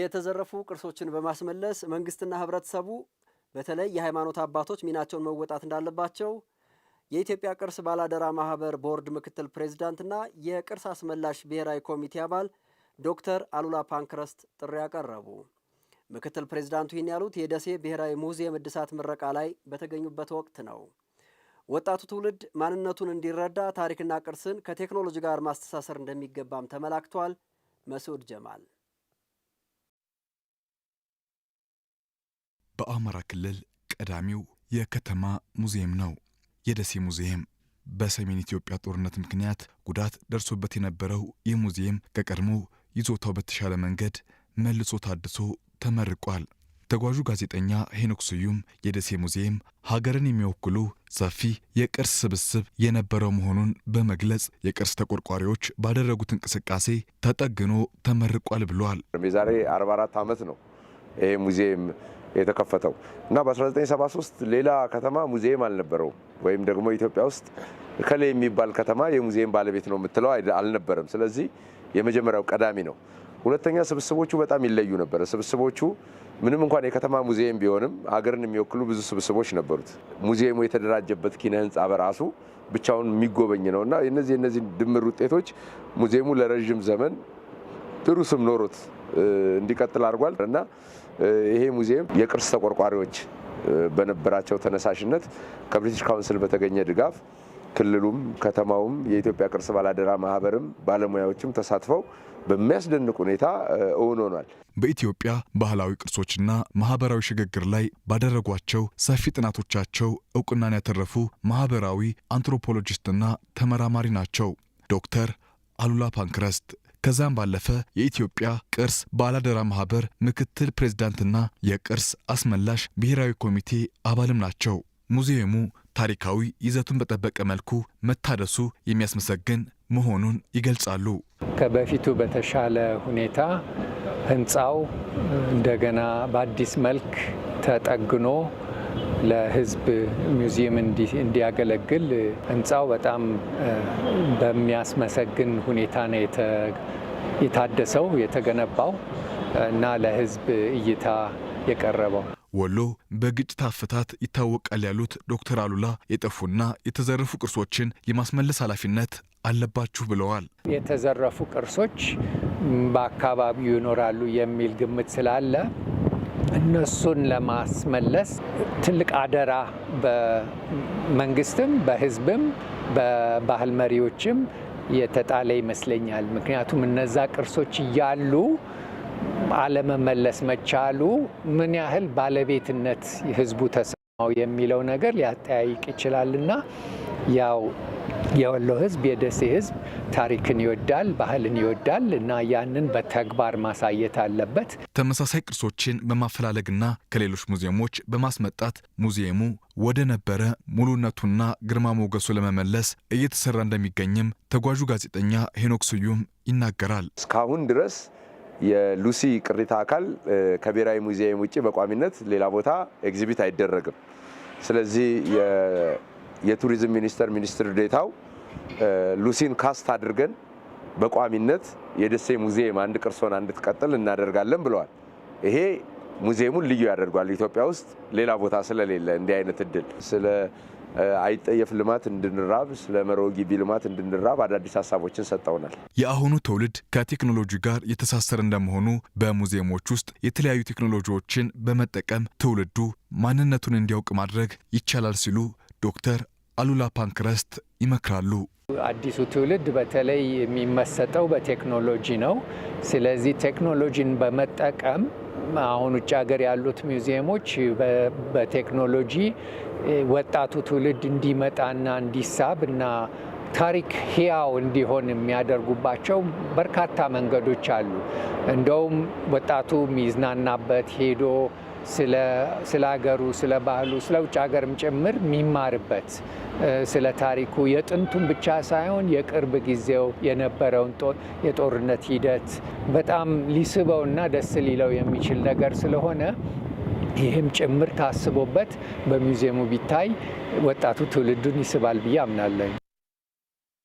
የተዘረፉ ቅርሶችን በማስመለስ መንግስትና ህብረተሰቡ በተለይ የሃይማኖት አባቶች ሚናቸውን መወጣት እንዳለባቸው የኢትዮጵያ ቅርስ ባላደራ ማህበር ቦርድ ምክትል ፕሬዚዳንትና የቅርስ አስመላሽ ብሔራዊ ኮሚቴ አባል ዶክተር አሉላ ፓንክረስት ጥሪ ያቀረቡ። ምክትል ፕሬዚዳንቱ ይህን ያሉት የደሴ ብሔራዊ ሙዚየም እድሳት ምረቃ ላይ በተገኙበት ወቅት ነው። ወጣቱ ትውልድ ማንነቱን እንዲረዳ ታሪክና ቅርስን ከቴክኖሎጂ ጋር ማስተሳሰር እንደሚገባም ተመላክቷል። መስዑድ ጀማል በአማራ ክልል ቀዳሚው የከተማ ሙዚየም ነው። የደሴ ሙዚየም በሰሜን ኢትዮጵያ ጦርነት ምክንያት ጉዳት ደርሶበት የነበረው ይህ ሙዚየም ከቀድሞ ይዞታው በተሻለ መንገድ መልሶ ታድሶ ተመርቋል። ተጓዡ ጋዜጠኛ ሄኖክ ስዩም የደሴ ሙዚየም ሀገርን የሚወክሉ ሰፊ የቅርስ ስብስብ የነበረው መሆኑን በመግለጽ የቅርስ ተቆርቋሪዎች ባደረጉት እንቅስቃሴ ተጠግኖ ተመርቋል ብሏል። የዛሬ 44 ዓመት ነው ይሄ ሙዚየም የተከፈተው እና በ1973 ሌላ ከተማ ሙዚየም አልነበረውም። ወይም ደግሞ ኢትዮጵያ ውስጥ እከሌ የሚባል ከተማ የሙዚየም ባለቤት ነው የምትለው አልነበረም። ስለዚህ የመጀመሪያው ቀዳሚ ነው። ሁለተኛ ስብስቦቹ በጣም ይለዩ ነበረ። ስብስቦቹ ምንም እንኳን የከተማ ሙዚየም ቢሆንም ሀገርን የሚወክሉ ብዙ ስብስቦች ነበሩት። ሙዚየሙ የተደራጀበት ኪነ ህንፃ በራሱ ብቻውን የሚጎበኝ ነው እና እነዚህ እነዚህ ድምር ውጤቶች ሙዚየሙ ለረዥም ዘመን ጥሩ ስም ኖሮት እንዲቀጥል አድርጓል እና ይሄ ሙዚየም የቅርስ ተቆርቋሪዎች በነበራቸው ተነሳሽነት ከብሪቲሽ ካውንስል በተገኘ ድጋፍ ክልሉም ከተማውም የኢትዮጵያ ቅርስ ባላደራ ማህበርም ባለሙያዎችም ተሳትፈው በሚያስደንቅ ሁኔታ እውን ሆኗል። በኢትዮጵያ ባህላዊ ቅርሶችና ማህበራዊ ሽግግር ላይ ባደረጓቸው ሰፊ ጥናቶቻቸው እውቅናን ያተረፉ ማህበራዊ አንትሮፖሎጂስትና ተመራማሪ ናቸው ዶክተር አሉላ ፓንክረስት ከዛም ባለፈ የኢትዮጵያ ቅርስ ባላደራ ማህበር ምክትል ፕሬዚዳንትና የቅርስ አስመላሽ ብሔራዊ ኮሚቴ አባልም ናቸው። ሙዚየሙ ታሪካዊ ይዘቱን በጠበቀ መልኩ መታደሱ የሚያስመሰግን መሆኑን ይገልጻሉ። ከበፊቱ በተሻለ ሁኔታ ህንፃው እንደገና በአዲስ መልክ ተጠግኖ ለህዝብ ሙዚየም እንዲያገለግል ህንፃው በጣም በሚያስመሰግን ሁኔታ ነው የታደሰው የተገነባው እና ለህዝብ እይታ የቀረበው። ወሎ በግጭት አፈታት ይታወቃል ያሉት ዶክተር አሉላ የጠፉና የተዘረፉ ቅርሶችን የማስመለስ ኃላፊነት አለባችሁ ብለዋል። የተዘረፉ ቅርሶች በአካባቢው ይኖራሉ የሚል ግምት ስላለ እነሱን ለማስመለስ ትልቅ አደራ በመንግስትም፣ በህዝብም፣ በባህል መሪዎችም የተጣለ ይመስለኛል። ምክንያቱም እነዛ ቅርሶች እያሉ አለመመለስ መቻሉ ምን ያህል ባለቤትነት ህዝቡ ተሰማው የሚለው ነገር ሊያጠያይቅ ይችላልና ያው የወሎ ህዝብ የደሴ ህዝብ ታሪክን ይወዳል፣ ባህልን ይወዳል እና ያንን በተግባር ማሳየት አለበት። ተመሳሳይ ቅርሶችን በማፈላለግና ከሌሎች ሙዚየሞች በማስመጣት ሙዚየሙ ወደ ነበረ ሙሉነቱና ግርማ ሞገሱ ለመመለስ እየተሰራ እንደሚገኝም ተጓዡ ጋዜጠኛ ሄኖክ ስዩም ይናገራል። እስካሁን ድረስ የሉሲ ቅሪታ አካል ከብሔራዊ ሙዚየም ውጭ በቋሚነት ሌላ ቦታ ኤግዚቢት አይደረግም። ስለዚህ የቱሪዝም ሚኒስቴር ሚኒስትር ዴታው ሉሲን ካስት አድርገን በቋሚነት የደሴ ሙዚየም አንድ ቅርሶን እንድትቀጥል እናደርጋለን ብለዋል። ይሄ ሙዚየሙን ልዩ ያደርጓል። ኢትዮጵያ ውስጥ ሌላ ቦታ ስለሌለ እንዲህ አይነት እድል ስለ አይጠየፍ ልማት እንድንራብ ስለ መሮ ግቢ ልማት እንድንራብ አዳዲስ ሀሳቦችን ሰጠውናል። የአሁኑ ትውልድ ከቴክኖሎጂ ጋር የተሳሰረ እንደመሆኑ በሙዚየሞች ውስጥ የተለያዩ ቴክኖሎጂዎችን በመጠቀም ትውልዱ ማንነቱን እንዲያውቅ ማድረግ ይቻላል ሲሉ ዶክተር አሉላ ፓንክረስት ይመክራሉ። አዲሱ ትውልድ በተለይ የሚመሰጠው በቴክኖሎጂ ነው። ስለዚህ ቴክኖሎጂን በመጠቀም አሁን ውጭ ሀገር ያሉት ሚውዚየሞች በቴክኖሎጂ ወጣቱ ትውልድ እንዲመጣና እንዲሳብ እና ታሪክ ህያው እንዲሆን የሚያደርጉባቸው በርካታ መንገዶች አሉ። እንደውም ወጣቱ የሚዝናናበት ሄዶ ስለ ሀገሩ፣ ስለ ባህሉ፣ ስለ ውጭ ሀገርም ጭምር የሚማርበት ስለ ታሪኩ የጥንቱን ብቻ ሳይሆን የቅርብ ጊዜው የነበረውን የጦርነት ሂደት በጣም ሊስበውና ደስ ሊለው የሚችል ነገር ስለሆነ ይህም ጭምር ታስቦበት በሙዚየሙ ቢታይ ወጣቱ ትውልዱን ይስባል ብዬ አምናለኝ።